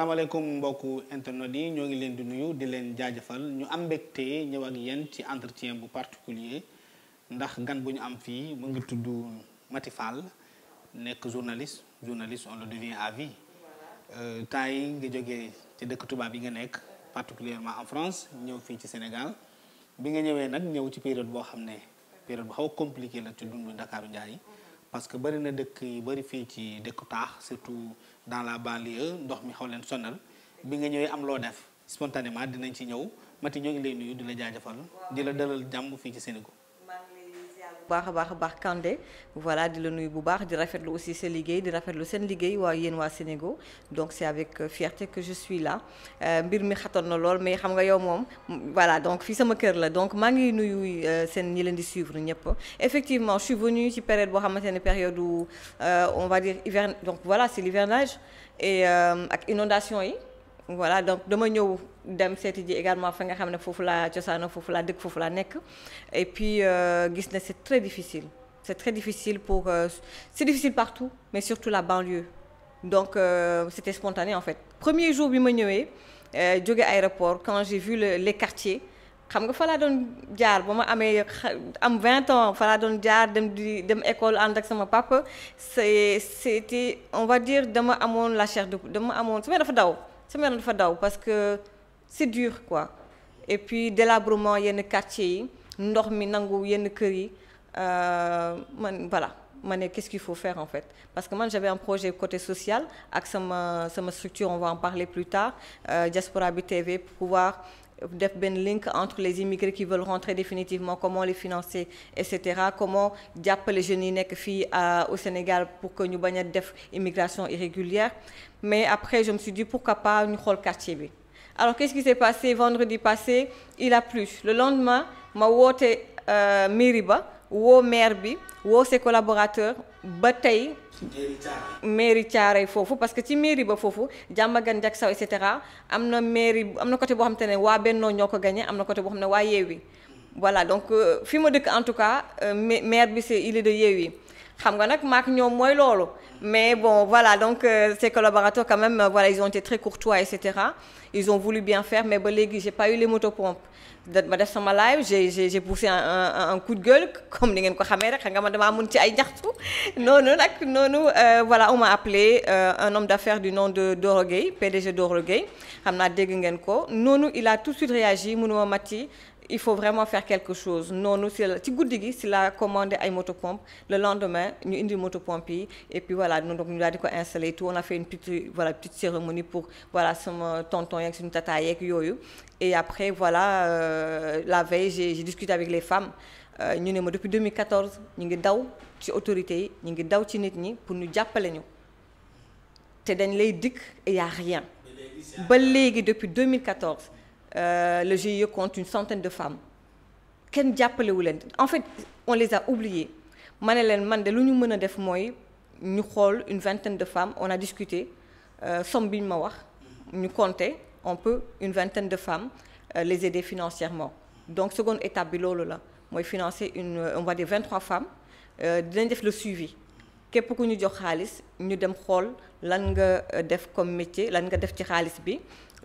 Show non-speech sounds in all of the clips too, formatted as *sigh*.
salaamaaleykum mbokku internet yi ñoo ngi leen di nuyu di leen jaajëfal ñu am mbégte ñëw ak yéen ci entretien bu particulier ndax gan bu ñu am fii mu ngi tudd Mati Fall nekk journaliste journaliste on le devient à vie euh, temps yi nga jógee ci dëkk tubaab yi nga nekk particulièrement en France ñëw fii ci Sénégal bi nga ñëwee nag ñëw ci période boo xam ne période bu xaw compliqué la ci dundu Ndakaaru Njaay parce que bari na dëkk yi bari fii ci dëkku taax dans la banlieue ndox mi xaw leen sonal bi nga ñëwee am loo def spontanément dinañ ci ñëw Mati ñoo ngi lay nuyu di la jaajëfal di la dalal jàmm fii ci Sénégal. baax a baax a baax Kandé voilà di la nuyu bu baax di rafetlu aussi sa liggéey di rafetlu seen liggéey waa yéen waa Sénégal donc c'est avec euh, fierté que je suis là euh, mbir mi xatoon na lool mais xam nga yow moom voilà donc fii sama kër la donc maa ngi nuyu euh, seen ñi leen di suivre ñëpp effectivement je suis venue ci période boo xamante ne période où on va dire hiverne donc voilà c'est l'hivernage et ak inondation yi voilà donc dama ñëw dem seeti ji également fa nga xam ne foofu laa cosaano foofu laa dëkk foofu laa nekk et puis euh, gis na c'est très difficile c'est très difficile pour euh, c'est difficile partout mais surtout la banlieue donc euh, c'était spontané en fait premier jour bi ma ñëwee jóge aéroport quand j'ai vu le les quartiers xam nga fa laa doon jaar ba ma amee am vingt ans fa laa doon jaar dem di dem école ànd ak sama papa c'est c'était on va dire dama amoon la chair de dama amoon su ma daw sama yaram dafa daw parce que c'est dur quoi et puis délabrement yenn quartier yi ndox mi nangu yenn kër yi euh, man voilà ma ne qu'est-ce qu'il faut faire en fait parce que man j'avais un projet côté social ak sama sama structure on va en parler plus tard euh, Diaspora bi TV pour pouvoir def benn link entre les immigrés qui veulent rentrer définitivement comment les financer et cetera comment jàppale jeunes yi nekk fii au Sénégal pour que ñu bañ a def immigration irrégulière mais après je me suis dit pourquoi pas ñu xool quartier bi alors qu'est-ce qui s'est passé vendredi passé il a plus le lendemain ma woote euh, mairie ba woo maire bi woo ses collaborateurs ba tey. mairie Thiaroye foofu parce que ci mairie ba foofu Diamaguène Diacksao saw cetera am na mairie am na côté boo xam te ne waa Bennoo ñoo ko gagné am na côté boo xam ne waa Yewwi voilà donc euh, fi ma dëkk en tout cas euh, maire bi c'est il est de Yewwi xam nga nag maak ñoom mooy loolu mais bon voilà donc euh, ces collaborateurs quand même euh, voilà ils ont été très courtois et ils ont voulu bien faire mais ba léegi j'ai pas eu les motopompes da ma def sama live j'ai j'ai poussé un, coup de gueule *laughs* comme ni ngeen ko xamee rek xa nga ma damaa mun ci ay ñaxtu *laughs* noonu nag noonu euh, voilà on m'a appelé euh, un homme d'affaires du nom de Doro Gueye PDG Doro xam naa dégg ngeen ko noonu il a tout de suite réagi ma matti il faut vraiment faire quelque chose noonu si la ci guddi gi si la commandé ay motopompe le lendemain ñu indi motopompe yi et puis voilà donc ñu daal di ko installé tout on a fait une petite voilà petite cérémonie pour voilà sama tonton yeeg suñu tata yeeg yooyu et après voilà euh, la veille j'ai j'ai discuté avec les femmes euh, ñu ne ma depuis 2014 ñu ngi daw ci autorité yi ñu ngi daw ci nit ñi pour ñu jàppale ñu te dañ lay dikk et y rien ba léegi depuis 2014 Euh, le GIE compte une centaine de femmes kenn jàppalewu leen en fait on les a oubliées ma ne leen man de lu ñu mën a def mooy ñu xool une vingtaine de femmes on a discuté euh, somme bi ñu ma wax ñu compter on peut une vingtaine de femmes euh, les aider financièrement donc seconde étape bi loolu la mooy financer une on va dire 23 femmes dinañ def le suivi képp ku ñu jox xaalis ñu dem xool lan nga euh, def comme métier lan nga def ci xaalis bi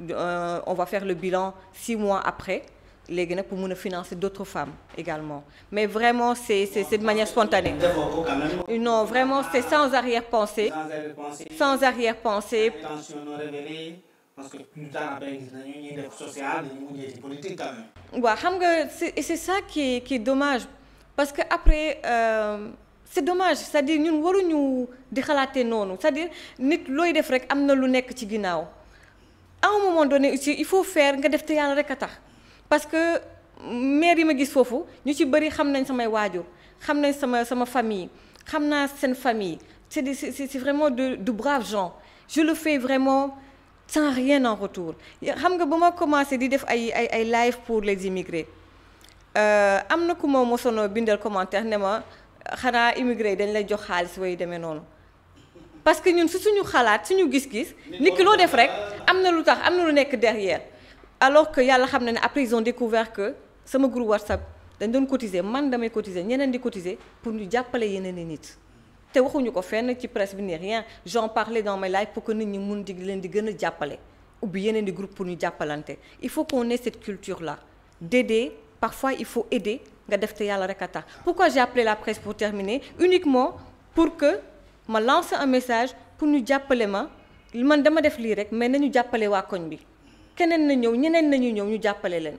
euh, on va faire le bilan six mois après léegi nag pour mun a financer d' autres femmes également mais vraiment c' est c' est de manière spontanée. non vraiment c' est sans arrière-pensée. sans arrière-pensée. plus tard après gis xam nga c' ça qui est dommage parce que après. Euh, c'est dommage c'est-à-dire ñun waruñu di xalaatee noonu cest dire nit looy def rek am na lu nekk ci ginnaaw à un moment donné aussi il faut fair nga def te yàlla rek a tax parce que maire yi ma gis foofu ñu ci bëri xam nañ samay waajur xam nañ sama sama famille xam naa seen famille c'est des c'est vraiment de de braves je le fais vraiment sans rien en retour xam nga ba ma commencé di def ay ay ay live pour les immigrés euh, am na ku ma mosoon bindal commentaire ne xanaa immigré yi dañ lay jox xaalis way demee noonu parce que ñun su suñu xalaat suñu gis-gis. nit ki loo def rek am na lu tax am na lu nekk derrière. alors que yàlla xam na ne après ils ont découvert que sama groupe WhatsApp dañ doon cotiser man damay cotiser ñeneen di cotiser pour ñu jàppale yeneen i nit. te waxuñu ko fenn ci presse bi ni rien j'en parlais dans mes lives pour que nit ñi mun di leen di gën a jàppale ubbi yeneen di groupe pour ñu jàppalante il faut qu'on ait cette culture là d'aider parfois il faut aider. nga def te yàlla rek a tax pourquoi j'ai jàppale la presse pour terminer uniquement pour que ma lance un message pour ñu jàppale ma man dama def lii rek mais nañu jàppale waa koñ bi keneen na ñëw ñeneen nañu ñëw ñu jàppale leen.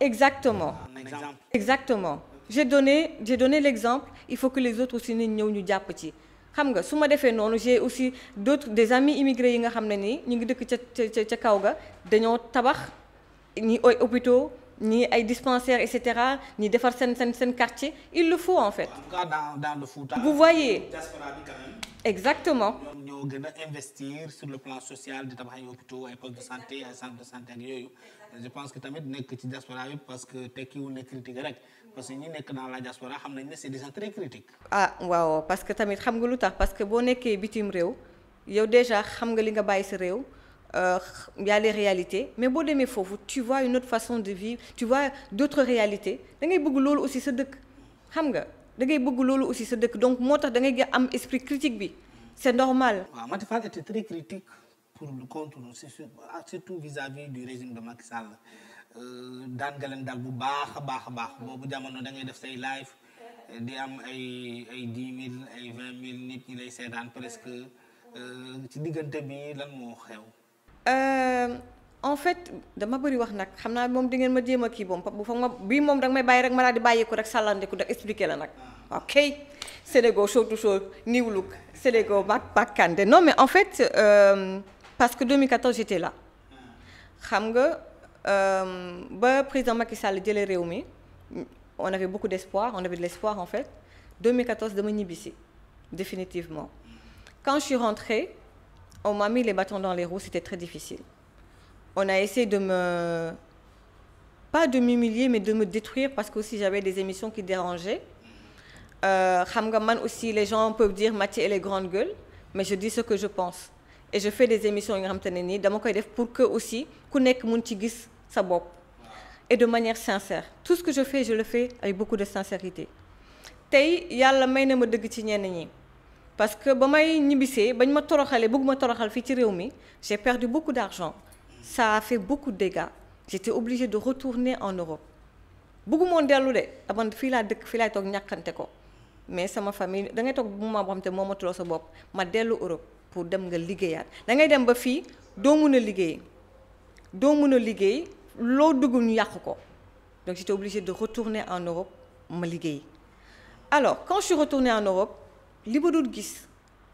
exactement exactement je donné j'ai donné l'exemple il faut que les autres aussi nañ ñëw ñu jàpp ci. xam nga su ma defee noonu j'ai aussi d'autres des amis immigrés yi nga xam ne nii ñu ngi dëkk ca ca ca kaw ga dañoo tabax ñi ay hôpitaux. ñii ay dispensaires et cetera ñi defar seen seen seen quartier il le faut en fait. en tout le Fouta. vous voyez diaspora bi quand exactement. ñoo gën a investir sur le plan social di tabax ay hôpitaux ay postes de santé ay santé ak yooyu je pense que tamit nekk ci diaspora bi parce que tekkiwul ne critique rek parce que ñi nekk dans la diaspora xam nañ ne c'est des gens très ah waaw parce que tamit xam nga lu tax parce que boo nekkee bitim réew yow déjà xam nga li nga bàyyi sa réew. euh, y a mais boo demee foofu tu vois une autre façon de vivre tu vois d'autres réalités da ngay bëgg loolu aussi sa dëkk xam nga da ngay bëgg loolu aussi sa dëkk donc moo tax da ngay am esprit critique bi c'est normal. waaw Maty Fall était très critique pour le contre ah, surtout vis-à-vis du régime de Macky Sall euh, daan nga leen dal bu baax a baax a baax boobu jamono da ngay def say live di am ay ay dix mille ay vingt mille nit ñi lay seetaan presque euh, ci diggante bi lan moo xew. Euh, en fait dama bëri wax nag xam naa moom di ngeen ma jéem a kii moom bu fa ma bii moom rek may bàyyi rek ma daal di bàyyeeku rek sàllandiku rek expliqué la nag ok Sénégal surtout surtout new look Sénégal back back kande mais en fait euh, parce que 2014 j'étais là xam nga euh, ba président Macky Sall jëlee réew mi on avait beaucoup d'espoir on avait de l'espoir en fait 2014 dama ñibbisi définitivement quand je suis on m'a mis les bâtons dans les roues, c'était très difficile. On a essayé de me... pas de m'humilier, mais de me détruire parce que aussi j'avais des émissions qui dérangeaient. Euh, Hamgaman aussi, les gens peuvent dire Mathieu, elle est grande gueule, mais je dis ce que je pense. Et je fais des émissions pour que aussi, sa bop. Et de manière sincère. Tout ce que je fais, je le fais avec beaucoup de sincérité. Tay, yalla may na ma deug ci ñenn ñi. parce que ba may ñibbisee bañ ma toroxalee bëgg ma toroxal fii ci réew mi j'ai perdu beaucoup d'argent ça a fait beaucoup de obliger j'étais obligée de retourner en Europe bëggu dellu de aban ah, fii laa dëkk fii laay toog ñàkkante ko mais sama famille da ngay toog moment boo xam te moo ma tuloo sa bopp ma dellu Europe pour dem nga liggéeyaat da ngay dem ba fii doo mun a liggéey doo mun a liggéey loo dugg ñu yàq ko donc j'étais obligée de retourner en Europe ma liggéey alors quand je li ma doon gis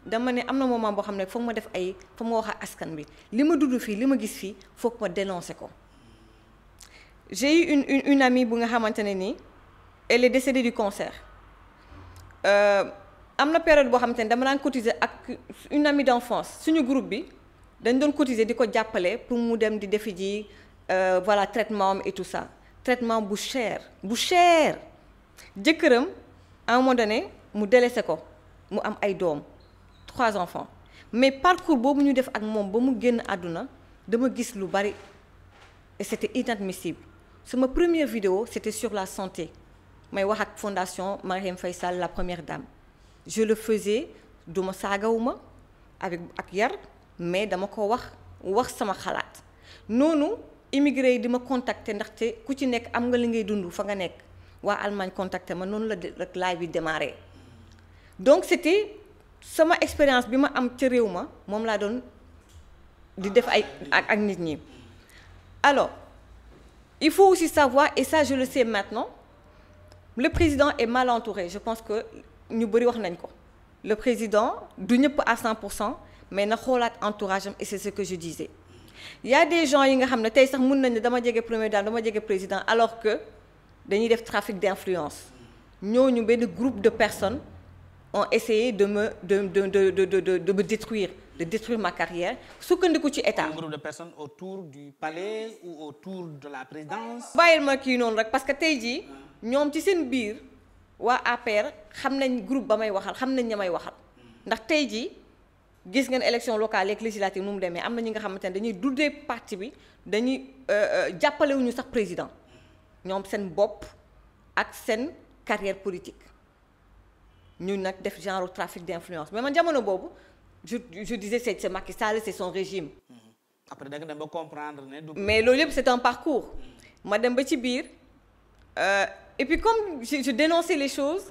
dama ne am na moment boo xam ne foog ma def ay foog ma wax askan bi li ma dudd fii li ma gis fii foog ma dénoncé ko j'ai une une une amie bu nga xamante ne nii elle est décédée du cancer euh, am na période boo xamante ne dama daan cotiser ak une amie d'enfance suñu groupe bi dañ doon cotiser di ko jàppale pour mu dem di defi ji euh, voilà traitement am et tout ça traitement bu chaire bu cher jëkkëram à un moment mu délaissé ko. mu am ay doom trois enfants mais parcours boobu ñu def ak moom ba mu génn àdduna dama gis lu bari et c'était inadmissible sama première vidéo c'était sur la santé may wax ak fondation Marième fay Sall la première dame je le faisais duma saagawuma avec ak yar mais dama ko wax wax sama xalaat noonu immigré yi di ma contacter ndaxte ku ci nekk am nga li ngay dund fa nga nekk waa Allemagne contacter ma noonu la rek live bi démarré donc c'était sama expérience bi ma am ca réew ma moom laa doon di def ay ak ak nit ñi alors il faut aussi savoir et ça je le sais maintenant le président est mal je pense que ñu bëri wax nañ ko le président du ñëpp à 100 pour cent mais na xoolaat entourage am et c'est ce que je disais il des gens yi nga xam ne tey sax mën nañu dama jege première dame dama jege président alors que dañuy def trafic d'influence ñooñu benn groupe de personnes ont essayé de me de de de de de de me détruire de détruire ma carrière sukkandiku ci état. un groupe de personnes autour du palais ou autour de la présidence. bàyyil ma kii noonu rek parce que tey jii ñoom ci seen biir waa APR xam nañ groupe ba may waxal xam nañ ña may waxal ndax tey jii gis ngeen élection locale yeeg législative nu mu demee am na ñi nga xamante ne dañuy duddee parti bi dañuy euh, euh, jàppalewuñu sax président ñoom seen bopp ak seen carrière politique. ñu nag def genre trafic d'influence mais man jamono boobu je je disais c'est c'est Macky Sall c'est son régime. Mm-hmm. après da nga dem ba comprendre ne du mais loolu yëpp c'est un parcours. ma dem ba ci biir euh, et puis comme je, je dénonçais les choses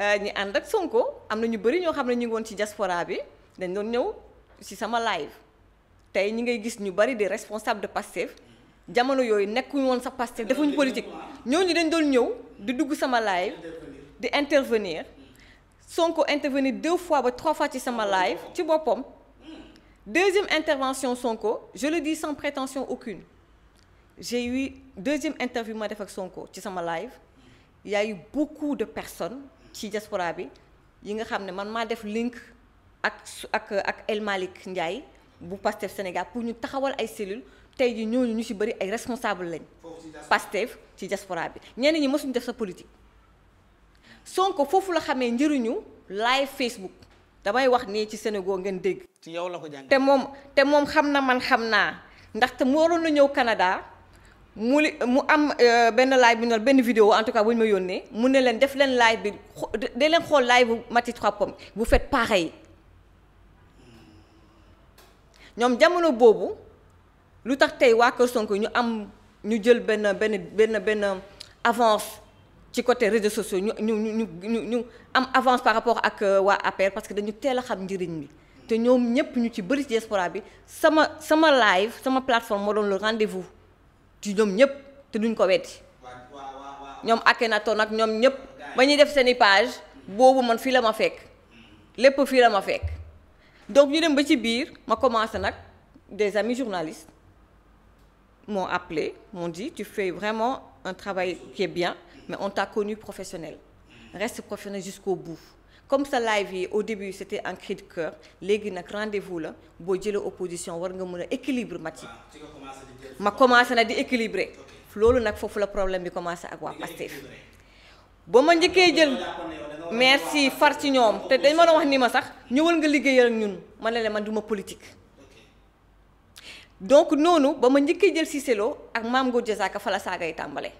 euh, ñi ànd ak Sonko am na ñu bari ñoo xam ne ñu ngi woon ci diaspora bi dañ doon ñëw ci sama live tey ñi ngay gis ñu bari des responsables de Pastef jamono yooyu nekkuñu woon sax Pastef defuñu politique ñooñu dañ doon ñëw di dugg sama live di intervenir. Sonko intervenir deux fois ba trois fois ci sama live ci boppam deuxième intervention Sonko je le dis sans prétention aucune j'ai eu deuxième interview ma def ak Sonko ci sama live il y a beaucoup de personnes ci diaspora bi yi nga xam ne man maa def link ak ak ak El Malick Ndiaye bu Pastef Sénégal pour ñu taxawal ay cellules tey ji ñooñu ñu ci bëri ay responsable lañ Pastef ci diaspora bi ñenn ñi mosuñu def sa politique sonk foofu la xamee njëriñu live Facebook damay wax nii ci Sénégal ngeen dégg. ci yow la ko jàng te moom te moom xam na man xam naa ndaxte mu waroon na ñëw Canada mu li mu am euh, benn live bi noonu benn vidéo en tout cas bu ñu ma yónnee mu ne leen def leen live bi de leen xool live bu Maty Trois Pommes bu fekk pareil ñoom jamono boobu lu tax tey waa Kër Sonko ñu am ñu jël benn benn benn benn avance. ci côté réseaux sociaux ñu ñu ñu ñu ñu am avance par rapport ak euh, waa APR parce que dañu teel a xam njariñ bi te ñoom ñëpp ñu ci bëri ci diaspora bi sama sama live sama plateforme moo doon le rendez-vous ci ñoom ñëpp te duñ ko weddi ñoom Akhenaton nag ñoom ñëpp ba ñuy def seen i page boobu man fii la ma fekk lépp fii la ma fekk donc ñu dem ba ci biir ma commencé nag des amis journalistes moo apple moo dit ci fais vraiment un travail qui bien mais on t'a connu professionnel reste professionnel jusqu'au bout comme sa live yi au début c' était un cri léegi nag rendez-vous la boo jëlee opposition war nga mën a équilibre ah, ma yi ma commencé na di équilibré loolu nag foofu la problème bi commencé ak waa Pastef ba ma njëkkee jël merci far ci ñoom te dañ ma wax ni ma sax ñëwal nga liggéeyal ak ñun ma ne la man duma politique donc noonu ba ma njëkkee jël Cissé selo ak Mame Goor Diazaka fa la saagay tàmbale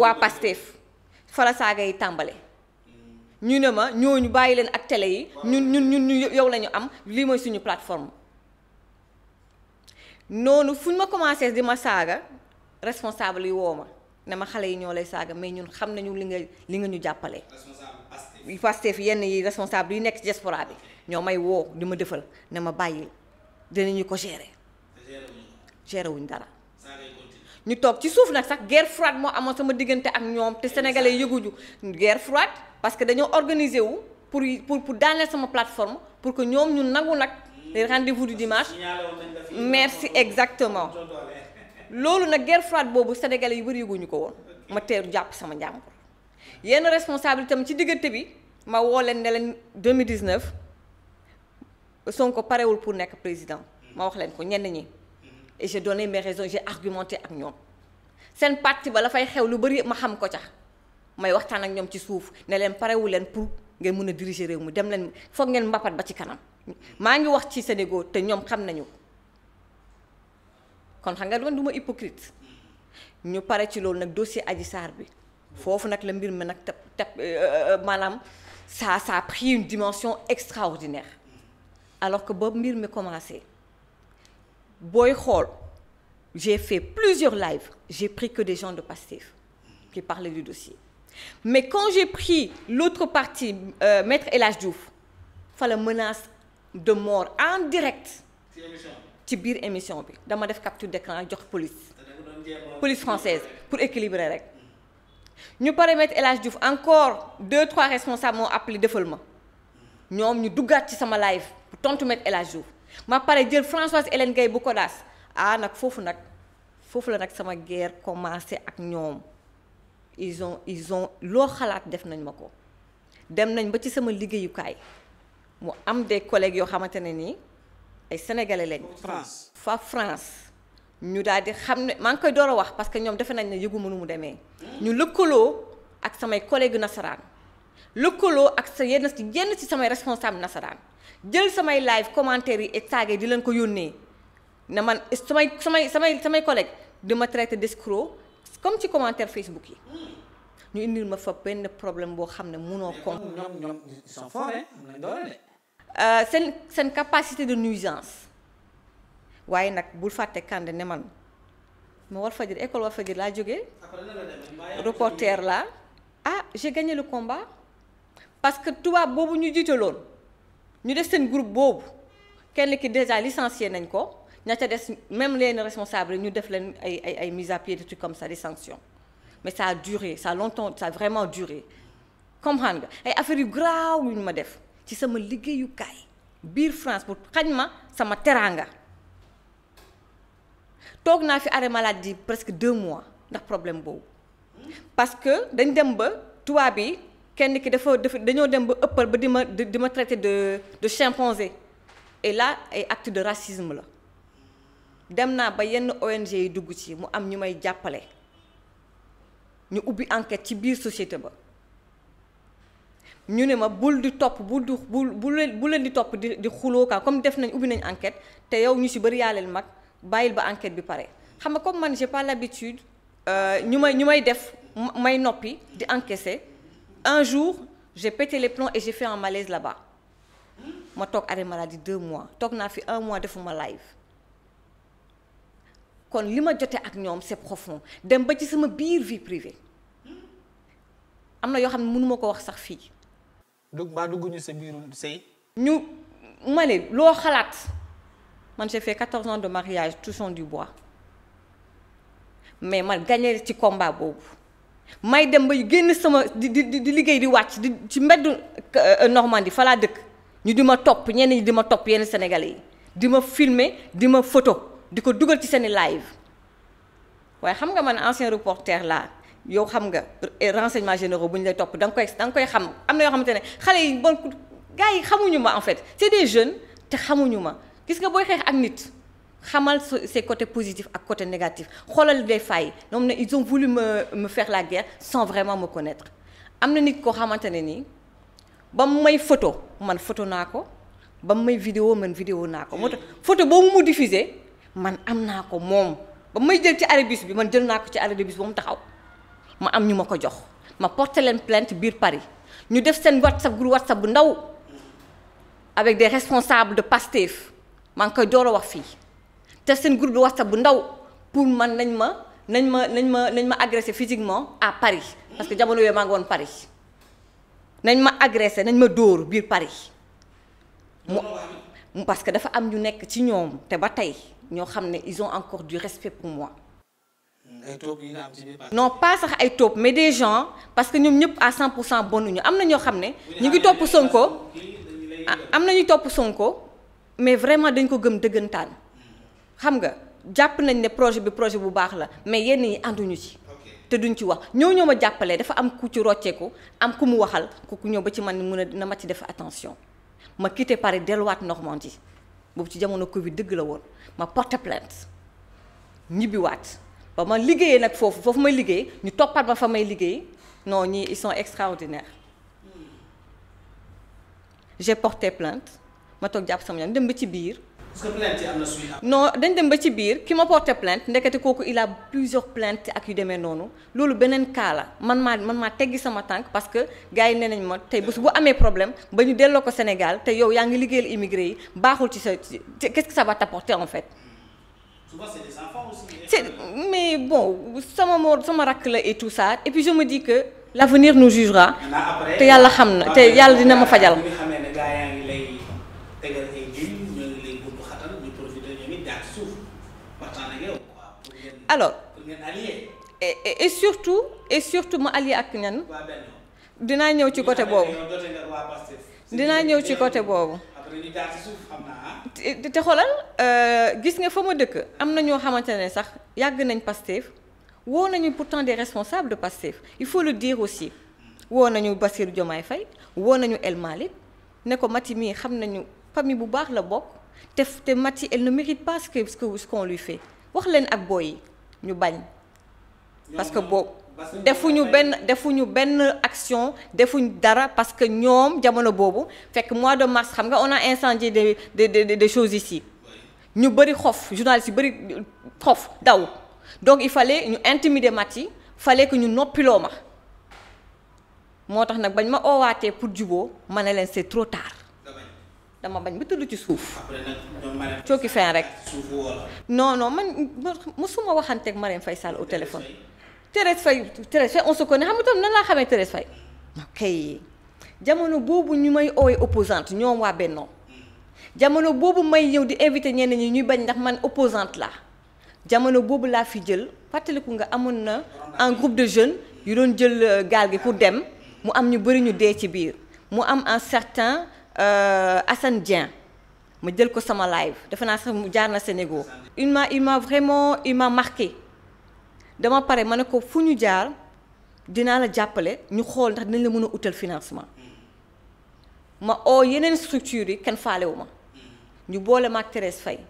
waa Pastef fa la saaga yi tàmbale ñu ne ma ñooñu bàyyi leen ak tele yi ñun ñun ñu yow la am lii mooy suñu plateforme noonu fu ñu ma commencé di ma saaga responsable yi woo ma ne ma xale yi ñoo lay saaga mais ñun xam nañu li nga li nga ñu jàppale Pastef yenn yi responsable yi nekk ci bi ñoo may woo di ma defal ne ma bàyyil dinañu ko gérer gérer wuñ dara ñu toog ci suuf nag sax guerre froide moo amoon sama diggante ak ñoom te sénégalais yëguñu guerre froide parce que dañoo organiser wu pour pour pour daaneel sama plateforme pour que ñoom ñu nangu nag les rendez-vous du dimanche merci exactement loolu nag guerre froide boobu sénégalais yu bëri yëguñu ko woon ma teeru jàpp sama njàmbur yenn responsabilité am ci diggante bi ma woo leen ne leen 2019 Sonko parewul pour nekk président ma wax leen ko ñenn ñi et j'ai donné mes raisons j'ai argumenté ak ñoom seen parti ba la fay xew lu bëri ma xam ko ca may waxtaan ak ñoom ci suuf ne leen parewu leen pour ngeen mun a diriger réew mi dem leen foog ngeen mbappat ba ci kanam maa ngi wax ci Sénégal te ñoom xam nañu kon xam nga doon du ma hypocrite ñu pare ci loolu nag dossier Adji Sarr bi foofu nag la mbir mi nag tap tap euh, euh, maanaam ça ça a pris une dimension extraordinaire alors que ba mbir mi commencé booy xool j'ai fait plusieurs lives j'ai pris que des gens de Pastef qui parlaient du dossier mais quand j'ai pris l'autre partie euh, maître El Hadj Diouf fa la menace de mort en direct ci biir émission bi dama def capture d'écran jox police police française pour équilibrer rek ñu pare maître El Hadj Diouf encore deux trois responsables moo appelé defal ma ñoom ñu duggaat ci sama live pour tontu maître El Hadj Diouf ma pare jël Françoise Hélène Gaye bu ko daas ah nag foofu nag foofu la nag sama guerre commencé ak ñoom ils ison loo xalaat def nañ ma ko dem nañ ba ci sama liggéeyukaay mu am de collègues yoo xamante ne nii ay sénégalais France fa France. ñu daal di xam ne maa ngi koy door a wax parce que ñoom defe nañ ne yëgu mënu mu demee. ñu lëkkaloo ak samay collègues nasaraan lëkkaloo ak sa yenn yenn ci samay responsable nasaraan. jël samay live commentaires yi et tagge di leen ko yónnee ne man samay samay samay samay collègue di ma traité d'escroc comme ci commentaire Facebook yi ñu indil ma fa benn problème boo xam ne munoo ko. ñoom ñoom ils sont forts mun euh, seen capacité de nuisance waaye nag bul fàtte Kande ne man ma Walfadjri école Walfadjri laa jóge reporter laa ah j'ai gagné combat parce que tubaab boobu ñu jiitaloon. ñu def seen groupe boobu kenn ki déjà licencié nañ ko ña ca des même leen responsable ñu def leen ay ay ay mise à pied de comme sa des sanctions mais ça a duré ça longtemps ça a vraiment duré comprendre nga ay affaires yu graaw yu ñu ma def ci sama liggéeyukaay biir France pour xañ ma sama teraanga toog naa fi arrêt maladie presque deux mois ndax problème boobu parce que dañ dem ba tubaab bi kenn ki dafa dafa dañoo dem ba ëppal ba di ma di ma traité de de chimpanzé et la ay acte de racisme la dem naa ba yenn ONG yi dugg ci mu am ñu may jàppale ñu ubbi enquête ci biir société ba ñu ne ma bul di topp bul di bul bu leen di topp di di xuloo kaa comme def nañ ubbi nañ enquête te yow ñu si bëri yaaleel mag bàyyil ba enquête bi pare xam nga comme man j'ai pas l'habitude euh, ñu may ñu may def may noppi di encaisser un jour j'ai pété les plombs et j'ai fait un malaise là ma toog arrêt maladie deux mois toog naa fi un mois defuma live kon li ma jotee ak ñoom c'est profond dem ba ci sama biir vie privée am na yoo xam ne mënuma ko wax sax fii. donc mbaa dugg sa biiru sëy ñu ma ne loo xalaat man j'ai fait 14 ans de mariage touchons du bois mais man gagné ci combat boobu. may dem ba génn sama di di di liggéey di wàcc di ci mbeddu euh, Normandie fa laa dëkk ñu di ma topp ñenn ñi di ma topp yenn Sénégalais yi di ma filmer di ma photo di ko dugal ci seen live waaye xam nga man ancien reporter laa yow xam nga euh, renseignement généraux bu ñu lay topp da nga koy da nga koy xam am na yoo xamante ne xale yi bon gars yi xamuñu ma en fait c'est des jeunes te xamuñu ma gis nga booy xeex ak nit. xamal ses côté positif ak côté négatif xoolal des failles ñoom ne ils ont voulu ma me la guerre sans vraiment me connaître am na nit koo xamante ne nii ba mu may photo man photo naa ko ba mu may vidéo man vidéo naa ko moo photo boobu mu diffusé man am naa ko moom ba may jël ci arébus bi man jël naa ko ci arébus ba mu taxaw ma am ñu ma ko jox ma porté leen biir Paris ñu def seen whatsapp groupe whatsapp bu ndaw avec des responsables de Pastef maa ngi koy door a wax fii te seen groupe WhatsApp bu ndaw pour man nañ ma nañ ma nañ ma nañ ma agressé physiquement à Paris parce que jamono yooyu maa ngi Paris nañ ma agressé nañ ma dóor biir Paris mu parce que dafa am ñu nekk ci ñoom te ba tey ñoo xam ne ils ont encore du respect pour moi non pas sax ay topp mais des gens parce que ñoom ñëpp à 100 pour cent bonuñu am na ñoo xam ne ñu ngi topp Sonko ah, am na ñuy topp Sonko mais vraiment dañ ko gëm dëggantaan xam nga jàpp nañ ne projet bi projet bu baax la mais yenn yi ànduñu ci. te duñu ci wax ñoo ñoo ma jàppalee dafa am ku ci rocceeku am ku mu waxal ku ku ñëw ba ci man mun a na ma ci def attention ma quitté Paris delluwaat Normandie boobu ci jamono Covid dëgg la woon ma porte plainte ñibbiwaat ba ma liggéeyee nag foofu foofu may liggéey ñu toppat ma fa may liggéey noo ñii ils sont extraordinaires hmm. j'ai porté plainte ma toog jàpp sama ñam dem ba ci biir. parce que plainte dañ dem ba ci biir ki ma porté plainte ndekete kooku il a plusieurs plaintes ak yu demee noonu loolu beneen kaala man maa man maa teggi sama tànk parce que gars yi nee nañ ma tey su bu amee problème ba ñu delloo ko Sénégal te yow yaa ngi liggéeyal immigré yi baaxul ci sa qu'est-ce que ça va t'apporter en fait. sama moo sama rakk la et tout ça et puis je me que l'avenir nous jugera. te yàlla xam na te yàlla dina ma fajal. alors et, et, et surtout et surtout mu allié ak ñan dinaa ñëw ci côté boobu dinaa ñëw ci côté boobu te xoolal euh, gis nga fa ma dëkk am na ñoo xamante ne sax yàgg nañ Pastef woo nañu pourtant des responsables de Pastef il faut le dire aussi woo nañu Bassirou Diomaye fay woo nañu El Malick ne ko Mati mii xam nañu famille bu baax la bokk te te Mati elle ne mérite pas ce que ce qu'on fait wax leen ak boy yi ñu bañ parce que boobu defuñu benn defuñu benn action defuñ dara parce que ñoom jamono boobu fekk mois de mars xam nga on a incendié de des des, des choses ici ñu bëri xof journaliste yi bëri xof daw donc il fale ñu intimider mat yi fallait que ñu noppiloo ma moo tax nag bañ ma oowaatee pour juboo ma ne leen c'est trop tard dama bañ ba tëdd ci suuf. cooki fin rek. non man mosuma waxanteeg Marème fay Sall au téléphone. Thérèse Faye Thérèse Faye on se connaît xam nga tam na laa xamee Thérèse Faye. ok jamono boobu ñu may oowee opposante ñoom waa Bennoo jamono boobu may ñëw di invité ñenn ñi ñuy bañ ndax man opposante la jamono boobu laa fi jël fàttaliku nga amoon na un groupe de jeunes yu doon jël euh, gaal gi pour dem mu am ñu bëri ñu dee ci biir mu am un certain. Euh, Assane Dieng ma jël ko sama live defe naa sax mu jaar na Sénégal il m'a il m'a vraiment il m'a marqué dama pare ma ne ko fu ñu jaar dinaa la jàppale ñu xool ndax dinañ la mën a utal financement ma oo yeneen structures yi kenn faalewu ma ñu boole maag Thérèse Faye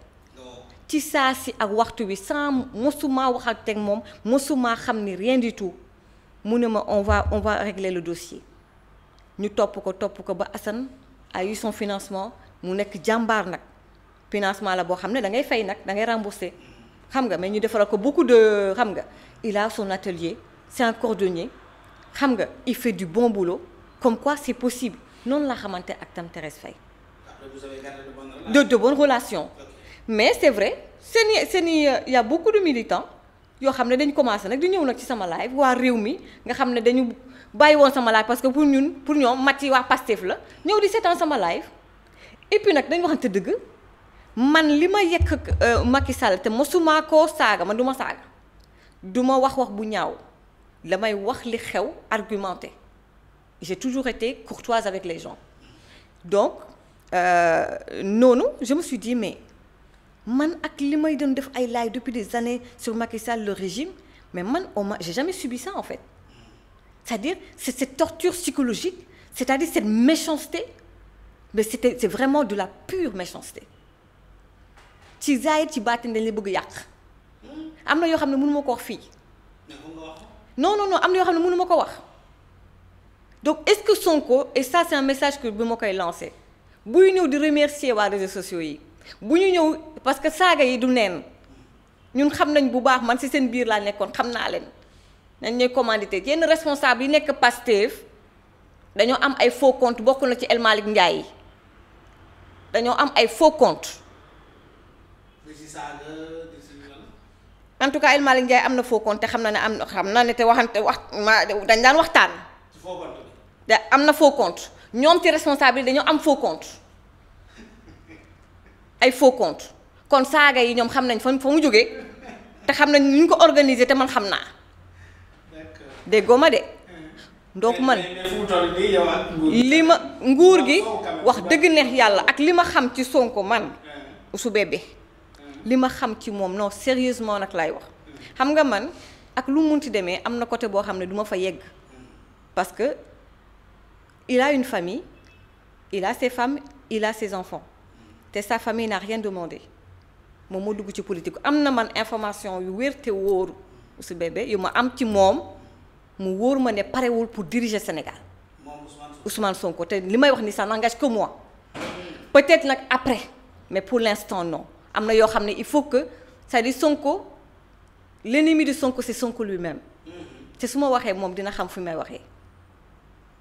ci saa si ak waxtu bi sans mosuma wax ak teg moom maa xam ni rien du mu ne ma on va on va régler le dossier ñu topp ko topp ko ba Assane a son financement mu nekk jàmbaar nag financement la boo xam ne da ngay fay nag da ngay remboursé xam nga may ñu defaral ko beaucoup de xam nga il a son atelier c'est cordonnier xam nga il fait du bon boulot comme quoi c'est possible noonu laa xamante ak Tam Thérèse Faye de de bonnes relations mais c'est vrai seeni seeni euh, y a beaucoup de militants yoo xam ne dañu commencé nag di ñëw nag ci sama live waa réew mi nga xam ne dañu bàyyi woon sama live parce que pour ñun pour ñoom mat yi waa Pastef la ñëw di seetaan sama live et puis nag dañ waxante dëgg man li ma yekk euh, Macky Sall te mosuma koo saaga man du ma saaga du ma wax wax bu ñaaw damay wax li xew argumenté je toujours été courtoise avec les gens donc euh, noonu je me suis dit mais man ak li may doon def ay live depuis des années sur Macky le régime mais man au moins j'ai jamais subi en fait C'est-à-dire, c'est cette torture psychologique, c'est-à-dire cette méchanceté, mais c'est vraiment de la pure méchanceté. ci zaahir ci baatin dañ la bëgg yàq am na yoo xam ne mënu ma ko wax fii non no non am na yoo xam ne mënu ma ko wax donc est-ce que Sonko et ça c'est un message que bi ma koy lancé buy ñëw di remercier waa réseaux sociaux yi bu ñu ñëw parce que saaga yi du neen ñun xam nañ bu baax man ci seen biir laa nekkoon xam naa leen dañ ñuy commandité yenn responsable yi nekk Pastef dañoo am ay faux compte bokk na ci El Malick yi dañoo am ay faux compte en tout cas El Malick am na faux te xam na ne am na xam na ne te waxante wax dañ daan waxtaan da am na faux compte ñoom ci responsable yi dañoo am faux compte ay faux compte kon saaga yi ñoom xam nañ fa fa mu jógee te xam nañ ñu ko organiser te man xam naa déggoo ma de. donc man li ma nguur gi wax dëgg neex yàlla ak li ma xam ci Sonko man Ousou hmm. Bébé hmm. li ma xam ci moom non sérieusement nag laay wax hmm. xam nga man ak lu mun munti demee am na côté boo xam ne duma fa yegg parce que il a une famille il a ses femmes il a ses enfants te sa famille n'a rien demandé moom moo dugg ci politique am na man information yu wér te wóoru Ousou Bébé yu ma am ci moom mu wóor ma ne parewul pour diriger Sénégal Ousmane Sonko te li may wax ni ça n'engage que moi peut-être nag après mais pour l'instant non am na yoo xam ne il faut que cest di dire Sonko l'ennemi de Sonko si Sonko lui-même te su ma waxee moom dina xam fu may waxee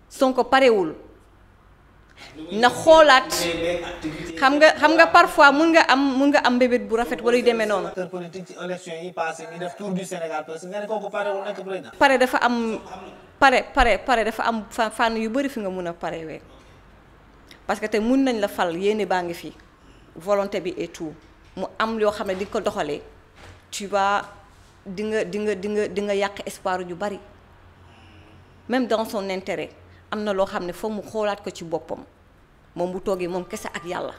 Sonko parewul na xoolaat xam nga xam nga parfois mun nga am mun nga am mbébét bu rafet wala yu demee noonu. pare dafa am pare pare pare dafa am fànn yu bëri fi nga mun a pare wee parce que te mun nañ la fal yéene baa ngi fi volonté bi et tout mu am yoo xam ne di nga ko doxalee tu vas di nga di nga di nga di nga yàq espoir yu bari même dans son intérêt. am na loo xam ne foog mu xoolaat ko ci boppam moom bu toogee moom kese ak yàlla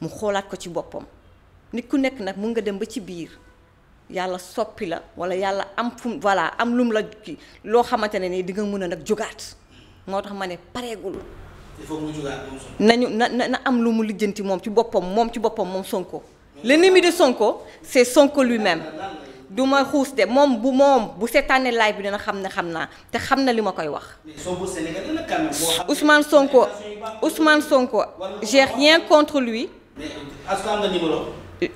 mu xoolaat ko ci boppam nit ku nekk nag mun nga dem ba ci biir yàlla soppi la wala yàlla am fu voilà am lum la kii loo xamante ne nii di nga mën a nag jógaat moo tax ma ne pareegul. il na na am lu mu lijjanti moom ci boppam moom ci boppam moom Sonko. l'ennemi de Sonko c'est Sonko lui-même. du ma xuus moom bu moom bu seetaanee live bi dina xam ne xam naa te xam na li ma koy wax. Ousmane Sonko Ousmane Sonko j'ai rien contre lui. Euh,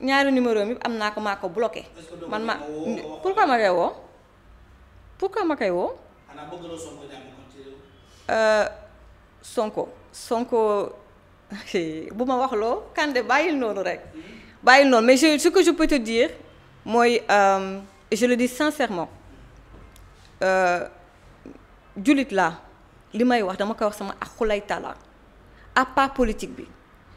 ñaari numéro mi am naa ko maa ko bloqué. man ma pourquoi ma koy woo. pourquoi ma koy woo. Euh, Sonko Sonko *laughs* bu ma wax loo Kande bàyyil noonu rek. Hmm? bàyyil noonu mais je ce que je peux dire. mooy euh, je le dis sincèrement euh, jullit laa li may wax dama koy wax sama ak xulay tala à part politique bi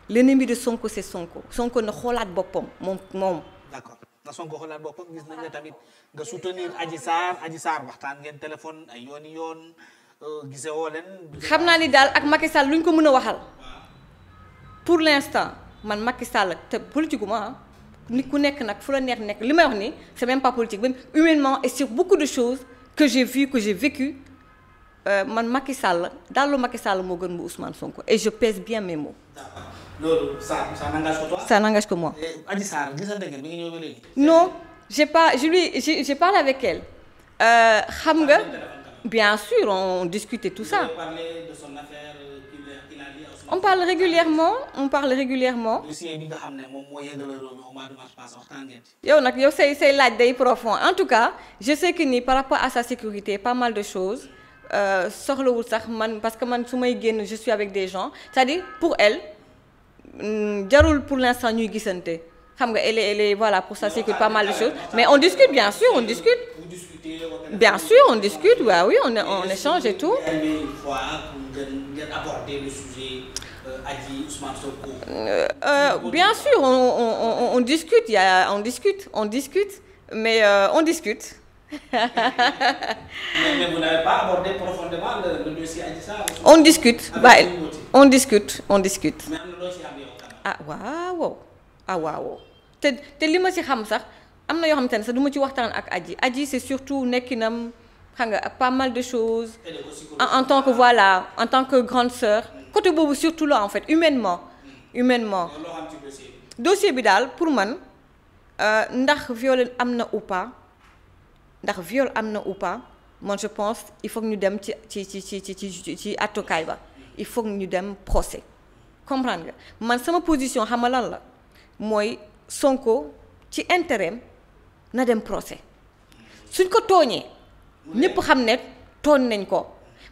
l'ennemi de Sonko c'est Sonko Sonko na xoolaat boppam moom moom. d'accord na Sonko xoolaat boppam gis nañ ne tamit nga soutenir aji Sarr Adji Sarr waxtaan ngeen téléphone ay yoon i yoon euh, gisee woo leen. xam naa ni daal ak Macky Sall lu ñu ko mën a waxal pour l'instant man Macky Sall te politique gu ma ah. nit ku nekk nag fu la neex nekk li may wax ni c'est même pas politique même humainement et sur beaucoup de choses que j'ai vu que j'ai vécu euh, man Macky Sall daal lu Macky moo gën bu Ousmane Sonko et je pèse bien mes mots. loolu ça ça n'engage que toi. ça n'engage que moi. Eh, non j'ai pas je lui j'ai parlé avec elle euh, xam nga. bien sûr on discutait tout sa on parle régulièrement on parle régulièrement. dossier bi nga moo yëngaloon au mois de mars passé waxtaan yow nag yow say say laaj day profond en tout cas je sais que ni par rapport à sa sécurité pas mal de choses euh, soxlawul sax man parce que man su may génn je suis avec des gens c'est-à-dire pour elle mm, jarul pour l'instant ñuy gisante. xam nga elle elle voilà pour ça s'écoute pas mal de choses mais on discute bien sûr on discute. oui on on échange tout. Euh, euh, euh, bien sûr on on on, discute y a, on discute on discute mais euh, on discute. *laughs* mais vous on discute on discute on discute. ah waaw ah te te li ma ci xam sax am na yoo xamante ne sax duma ci waxtaan ak aji aji c'est surtout nekkinam xam nga pas mal de choses en, tant que voilà en tant que grande sœur côté boobu surtout la en fait humainement hmm. humainement dossier bi daal pour man euh, ndax viol am na ou pas ndax viol am na ou pas man je pense il faut que ñu dem ci ci ci ci ci ci ci attukaay ba il faut que ñu dem procès comprendre nga man sama position xam la mooy Sonko ci intérim na dem procès suñ ko tooñee ñëpp xam ne tooñ nañ ko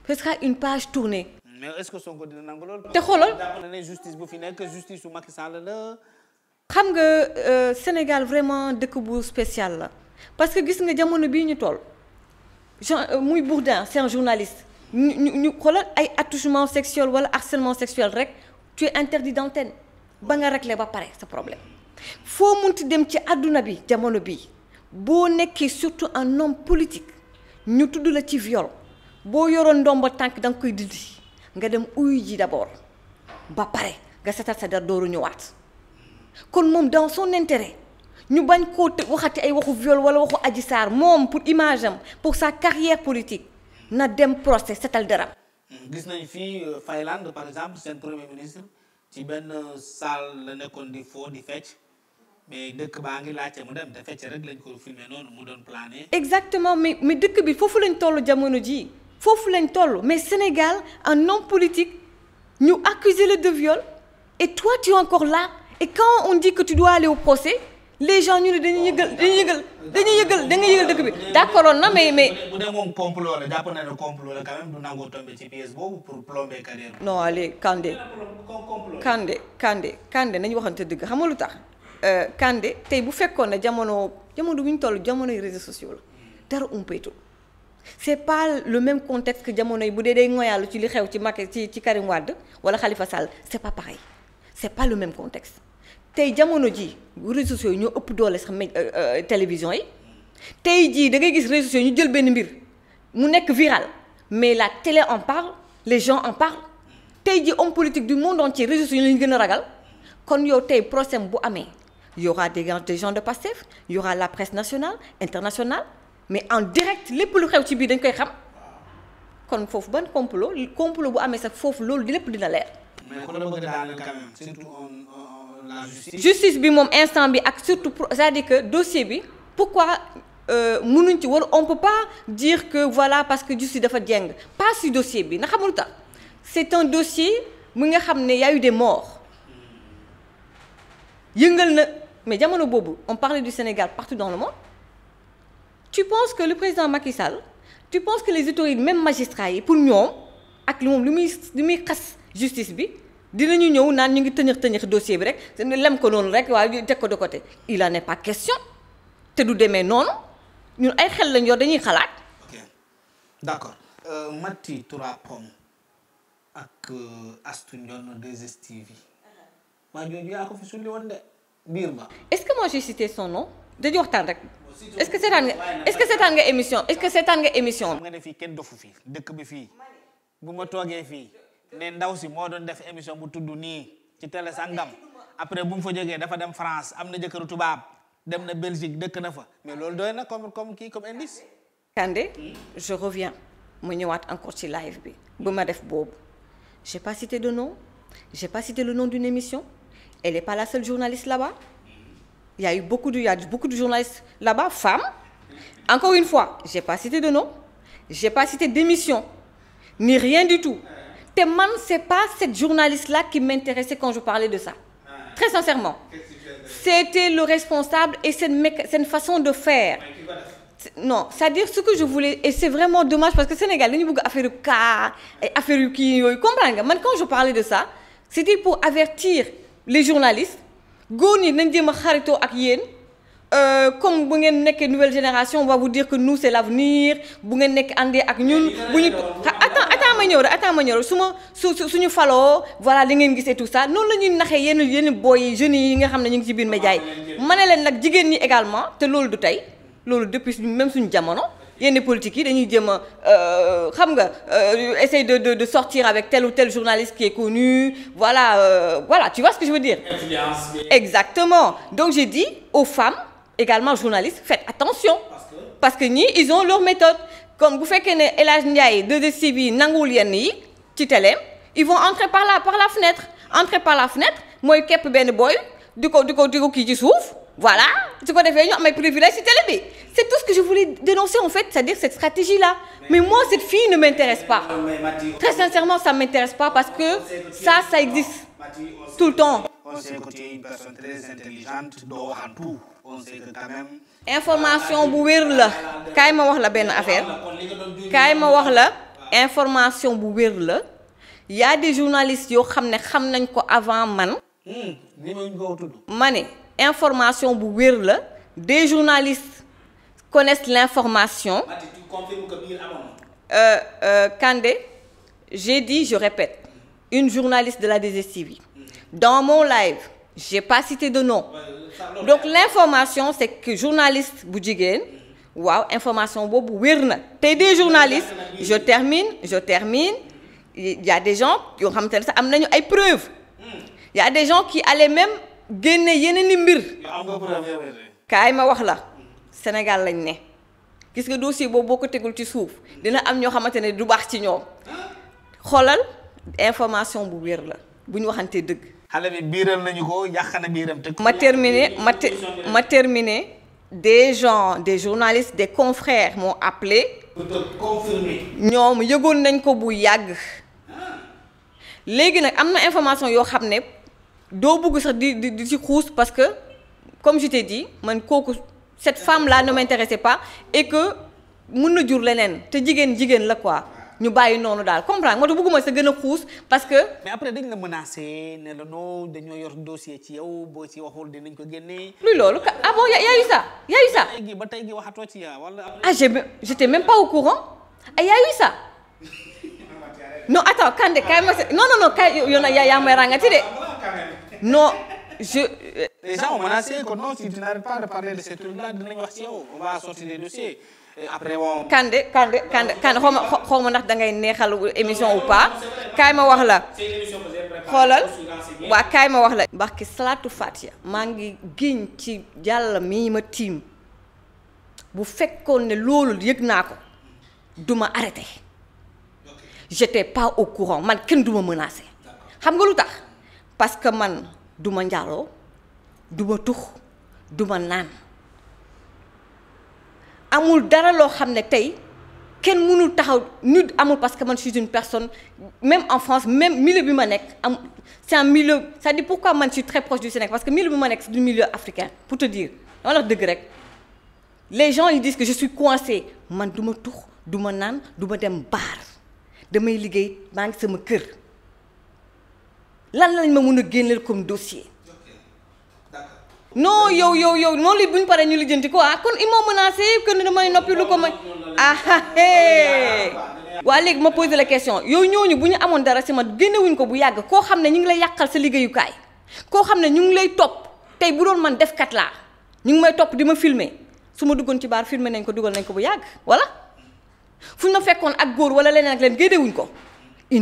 parce que une page tournée. mais est-ce que Sonko dina nangu loolu. te xoolal ne justice fi nekk justice su Macky Sall la. xam nga euh, Sénégal vraiment dëkk bu spécial la parce que gis nga jamono bii ñu tool Jean euh, muy Bourdin c'est un journaliste ñu ñu ñu xoolal ay attouchement sexuel wala harcèlement sexuel rek tu es interdit d'antenne ba nga régler ba pare sa problème. foo mun ti dem ci àdduna bi jamono bi boo nekkee surtout un nom politique ñu tudd la ci viol boo yoroon ndomba tànk da nga koy dindi nga dem uyu ji d'abord ba pare nga setal sa der dooru ñëwaat kon moom dans son intérêt ñu bañ koo waxati ay waxu viol wala waxu aji Sarr moom pour image pour sa carrière politique na dem procès setal deram gis nañ fii euh, Finlande par exemple seen premier ministre ci benn salle la nekkoon di foo di fecc mais dëkk baa ngi laajte mu dem te rek lañ ko filmé noonu mu doon plané. exactement mais mais dëkk bi foofu lañu tollu jamono jii foofu lañ toll mais Sénégal un homme politique ñu accusé le de viol et toi tu es encore là et quand on dit que tu dois aller au procès ñu ne dañuy yëgal dañuy yëgal dañuy yëgal da nga yëgal dëkk bi d'accord na mais mais. bu dee moom la jàpp na ne complot la quand du nangoo tombé ci pièce boobu pour plomber carrière. non allez Kandé. Kandé Kandé Kandé nañu waxante dëgg xam nga lu tax. Euh, Kande tey bu fekkoon ne jamono jamono bu ñu toll jamonoy réseaux sociaux la dara umpaytu c'est pas le même contexte que jamono yi bu dee day ngoyaalu ci li xew ci Macky ci ci Karim Wade wala Khalifa Sall c'est pas pareil c'est pas le même contexte tey jamono ji réseaux sociaux yi ñoo ëpp doole sax euh, euh, télévision yi tey jii da ngay gis réseaux sociaux ñu jël benn mbir mu nekk viral mais la télé en parle les gens en parlent tey jii homme politique du monde entier réseaux sociaux yi gën a ragal kon yow tey procès bu amee il y aura des de Pastef il y aura la presse nationale internationale mais en direct lépp lu xew ci biir dañ koy xam kon foofu ban complot complot bu amee sax foofu loolu di lépp dina leer. la bëgg a daaneel quand justice. bi moom instant bi ak surtout c'est-à-dire que dossier bi pourquoi euh, mënuñ ci war on peut pas dire que voilà parce que justice dafa jeng pas si dossier bi na xamul tax c'est un dossier mu nga xam ne y a eu des yëngal na. mais jamono boobu on parlait du Sénégal partout dans le monde tu penses que le président Macky Sall tu penses que les autorités même magistrats yi pour ñoom ak moom lu muy lu muy xas justice bi dina dinañu ñëw naan ñu ngi tëñëx tëñëx dossier bi rek lem ko noonu rek waaye teg ko de côté il en est pas question te du demee noonu ñun ay xel lañ yor dañuy xalaat. ok d'accord euh, Mati Toura Pomme ak euh, Astou Ndione 2STV maa uh-huh. jooju yaa ko fi sulli woon de. biir ba. est-ce que moi j'ai cité son nom dañuy waxtaan rek. est-ce que seetaan nga est-ce que seetaan nga émission est-ce que seetaan nga émission. xam nga ne fii kenn dofu fii dëkk bi fii bu ma toogee fii ne ndaw si moo doon def émission bu tudd nii ci télé sangam après bu mu fa jógee dafa dem France am na jëkkëru tubaab dem na Belgique dëkk na fa mais loolu doy na comme comme kii comme indice. Kandé hmm? je reviens mu ñëwaat encore ci live bi bu ma def boobu j'ai pas cité de nom j'ai pas cité le nom d'une émission. elle n'est pas la seule journaliste là-bas a eu beaucoup de il y a beaucoup de journalistes là-bas femmes encore une fois j'ai pas cité de nom j'ai pas cité d'émission ni rien du tout te c'est pas cette journaliste qui m'intéressait quand je parlais de ça très sincèrement c'était le responsable et cette cette façon de faire non c'est-à-dire ce que vraiment dommage parce que Sénégal dañu bëgg affaire yu affaire yu kii yooyu comprendre nga quand je parlais de ça c'était pour avertir les journalistes góor ñi nañ jéem a xaritoo ak yéen euh, comme bu ngeen nekkee nouvelle génération on va vous dire que nous c'est l'avenir bu ngeen nekk àndee ak ñun bu ñu attends attends ma ñëw rek attends ma ñëw rek su ma su suñu faloo voilà li ngeen gisee tout ça noonu la ñuy naxee yenn yenn boy yi jeunes yi nga xam ne ñu ngi ci biir média yi ma leen nag jigéen ñi également te loolu du tey loolu depuis même suñu jamono yenn politique yi dañuy jëm a euh, xam nga euh, essayer de de de sortir avec tel ou tel journaliste qui est connu voilà euh, voilà tu vois ce que je veux dire. exactement donc j'ai dit aux femmes également journalistes faites attention. parce que ñii ils ont leur méthode comme bu fekkee ne El Hadj Ndiaye 2STV yi nanguwul ci teleem ils vont entrer par la par la fenêtre entrer par la fenêtre mooy képp benn booy di ko di ko di ko kii ci suuf. voilà su ko defee ñu am ay privilèges ci télé bi c' est tout ce que je voulais dénoncer en fait c' est à dire cette stratégie là mais moi cette fille ne m'intéresse pas très sincèrement ça m'intéresse pas parce que ça ça existe tout le temps on sait on sait que information bu wér la kaay ma wax la benn affaire kaay ma wax la information bu wér la ya des journalistes yo xam ne xam nañ ko avant man hmm, ma information bu wér la des journalistes connaissent l'information euh, euh, j'ai dit je répète une journaliste de la DGTV hmm. dans mon live j'ai pas cité de nom euh, donc l'information c'est que journaliste bu jigéen hmm. waaw information boobu wér na te des journalistes je termine je termine il y a des gens yoo xamante ne sax am nañu ay preuves il hmm. y a des gens qui allaient même génne yeneen i mbir. kaay ma wax la Sénégal lañ ne gis nga dossier boobu boo ko tegul ci suuf dina am ñoo xamante ne du baax ci ñoom xoolal information bu wér la bu ñu waxantee dëgg. xale bi biiral nañu ko yàq na biiram te. ma terminé ma te ma terminé des gens des journalistes des confrères m'ont appelé. ñoom yëgoon nañ ko bu yàgg léegi nag am na information yoo xam ne. doo bëgg sax di di ci xuus parce que comme je t'ai dit man kooku cette femme là ne m'intéressait pas et que mun na jur leneen te jigéen jigéen la quoi ñu bàyyi noonu daal comprendre moo tax bëgguma sa gën a xuus parce que. mais après dañ la menacé ne la non dañoo yor dossier ci yow boo ci waxul dinañ ko génnee. luy loolu ah bon y' a eu ça y' a tey jii ba tey jii waxatoo ci yaa wala. ah j' j' étais même pas au courant ah y' a eu ça non attends Kande kaay ma non non non kaay yow yaa may ràngati de. quand même. non *laughs* je. les gens si yow on va sortir des dossiers. après bon. Kande Kande Kande Kande xaw ma xaw ndax dangay neexal émission ou pas kaay ma wax la. xoolal waa kaay ma wax la. mbax ki salaatu fatiha. maa ngi giñ ci yàlla mii ma tiim bu fekkoon ne loolu yëg naa ko du ma arrêté j'étais pas au courant man kenn du ma xam nga lu tax. parce que man du ma njaaloo du ma tux du ma naan amul dara loo xam ne tey kenn mënul taxaw nit amul parce que man je suis une personne même en France même milieu bi ma nekk am c'est un milieu c'est-à-dire pourquoi man je suis très proche du Sénégal parce que milieu bi ma nekk c'est du milieu africain pour te dire dama la dëgg rek les gens yi disent que je suis coincée man du ma tux du ma naan du ma dem baar damay liggéey maa ngi sama kër. lan lañ ma mun a génneel comme dossier non yow yow yow noonu li bu ñu paree ñu lijjanti ko ah kon il m'a menacé que ne damay noppi lu ko may ah, ah, eh. waa léegi ma posé la question yow ñooñu bu ñu amoon dara si ma génnewuñ ko bu yàgg koo xam ne ñu ngi lay yàqal sa liggéeyukaay koo xam ne ñu ngi lay topp tey bu doon man defkat laa ñu ngi may topp di ma filmer su ma duggoon ci baar filmer nañ ko dugal nañ ko bu yàgg voilà fu ñu ma fekkoon ak góor wala leneen ak leen génnewuñ ko ils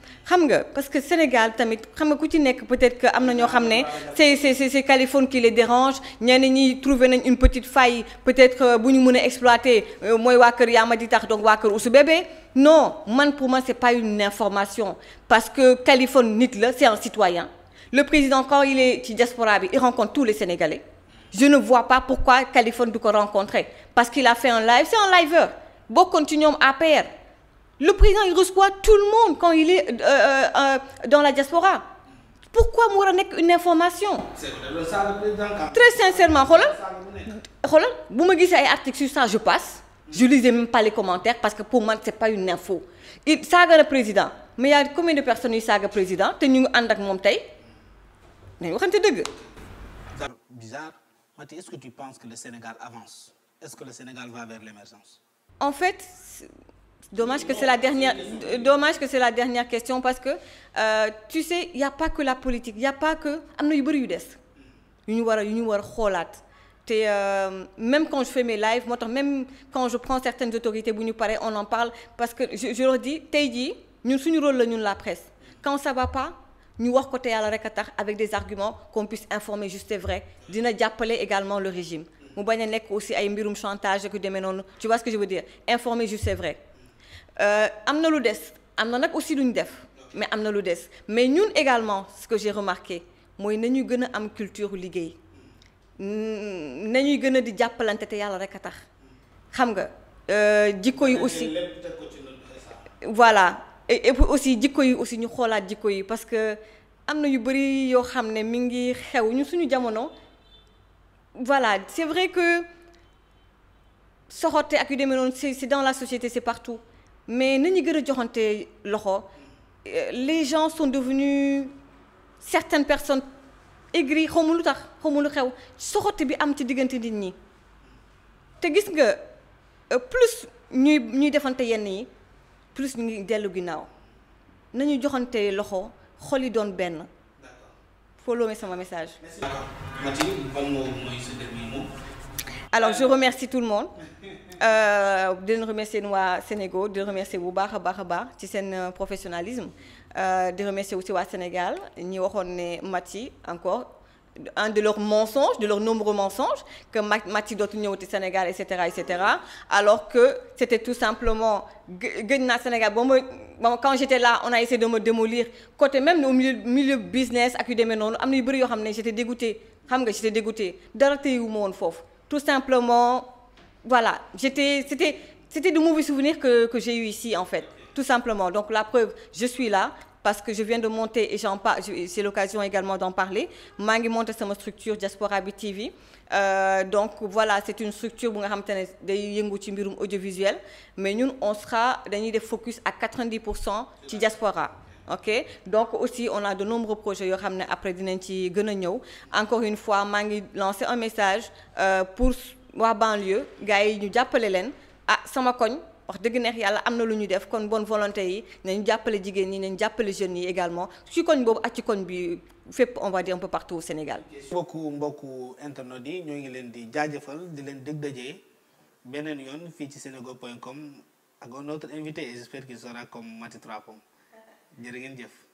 xam nga parce que Sénégal tamit xam nga ku ci nekk peut-être que am na ñoo xam ne c'est c'est c'est Californie qui les dérange ñenn ñi trouvé nañ une petite faille peut-être euh, bu ñu mën a exploiter euh, mooy waa kër Yamadi tax donc waa kër Oussou Bébé non man pour moi c'est pas une information parce que Californie nit la c'est un citoyen le président quand il est ci diaspora bi il rencontre tous les Sénégalais je ne vois pas pourquoi Californie du ko parce qu'il a fait un live c'est un liveur bokkoon ci ñoom APR Le président, il reçoit tout le monde quand il est euh, euh, euh dans la diaspora. Pourquoi mu a nekk une information. très sincèrement xoolal. xoolal bu ma gisee ay articles sur ça je passe. je lisais même pas les commentaires parce que pour man c'est pas une info. il président mais y a combien de personnes yu président te ñu ngi ànd ak moom tey nañu waxante dëgg. bizarre Maty le Sénégal avance est-ce en fait. Dommage que c'est la dernière dommage que c'est la dernière question parce que euh, tu sais il y a pas que la politique il y a pas que am na yu bëri yu des yu ñu war a yu ñu war a xoolaat te euh, même quand je fais mes lives moo même quand je prends certaines autorités bu ñu paree on en parle parce que je je leur dis tey jii ñun suñu rôle la ñun la presse quand ça va pas ñu wax ko te yàlla rek a tax avec des arguments qu'on puisse informer juste et vrai dina jàppale également le régime mu bañ nekk aussi ay mbirum chantage demee noonu tu vois ce que je Euh, am na lu des am na nag aussi duñ def mais am na lu des mais ñun également ce que j'ai remarqué mooy nañuy gën a am culture liggéey nañuy gën a di jàppalante te yàlla rek a tax xam nga euh, jikko yi aussi voilà et, aussi jikko yi aussi ñu xoolaat jikko yi parce que am na yu bëri yoo xam ne mi ngi xew ñu suñu jamono voilà c'est vrai que soxorte ak yu demee noonu c'est dans la société c'est partout mais na nañu gën a joxante loxo les gens sont devenus certaines personnes aigries xawma lu tax xawma xew soxote bi am ci diggante nit ñi te gis nga plus ñuy ñuy defante yenn yi plus ñu ngi dellu ginnaaw nañu joxante loxo xol yi doon benn follow me sama message. Merci. Alors je remercie tout le monde. Euh, di leen remercier waa Sénégal di remercier bu baax a baax a baax ci seen euh, professionnalisme euh, di wu si waa Sénégal ñi waxoon ne match yi encore un de leurs mensonges de leurs nombreux mensonges que match yi dootu ñëwati Sénégal et cetera et cetera alors que c'était tout simplement gën naa Sénégal boo ma bon quand j'étais là on a essayé de me démolir côté même au milieu milieu business ak yu demee noonu am na yu bëri yoo xam ne j'étais dégoûté xam nga j'étais dégoûté dara téyewu ma woon foofu voilà j'étais c'était c'était de en fait tout simplement donc la preuve je suis que je de monter et j'en par c'est l'occasion également maa ngi monter sama structure bi TV euh, donc voilà c'est une structure bu nga xamante ne day yëngu ci mbirum audiovisuel mais ñun on sera dañuy def focus à 90 pour cent ci Diaspora ok donc aussi on a de nombreux yoo xam ne après dinañ ci gën a ñëw encore une fois maa ngi lancer un message euh, pour waa banlieue gars yi ñu jàppale leen ah sama koñ wax dëgg neex yàlla am na lu ñu def kon bonne volonté yi nañu jàppale jigéen ñi nañu jàppale jeunes yi également si koñ boobu ak ci koñ bi fépp on va dire un partout Sénégal. mbokku mbokku internet yi ñoo ngi leen di jaajëfal di leen dëgg dajee beneen yoon fii ci senego.com ak un autre invité et j'espère qu'il sera comme Mati Trapom jërë ngeen jëf.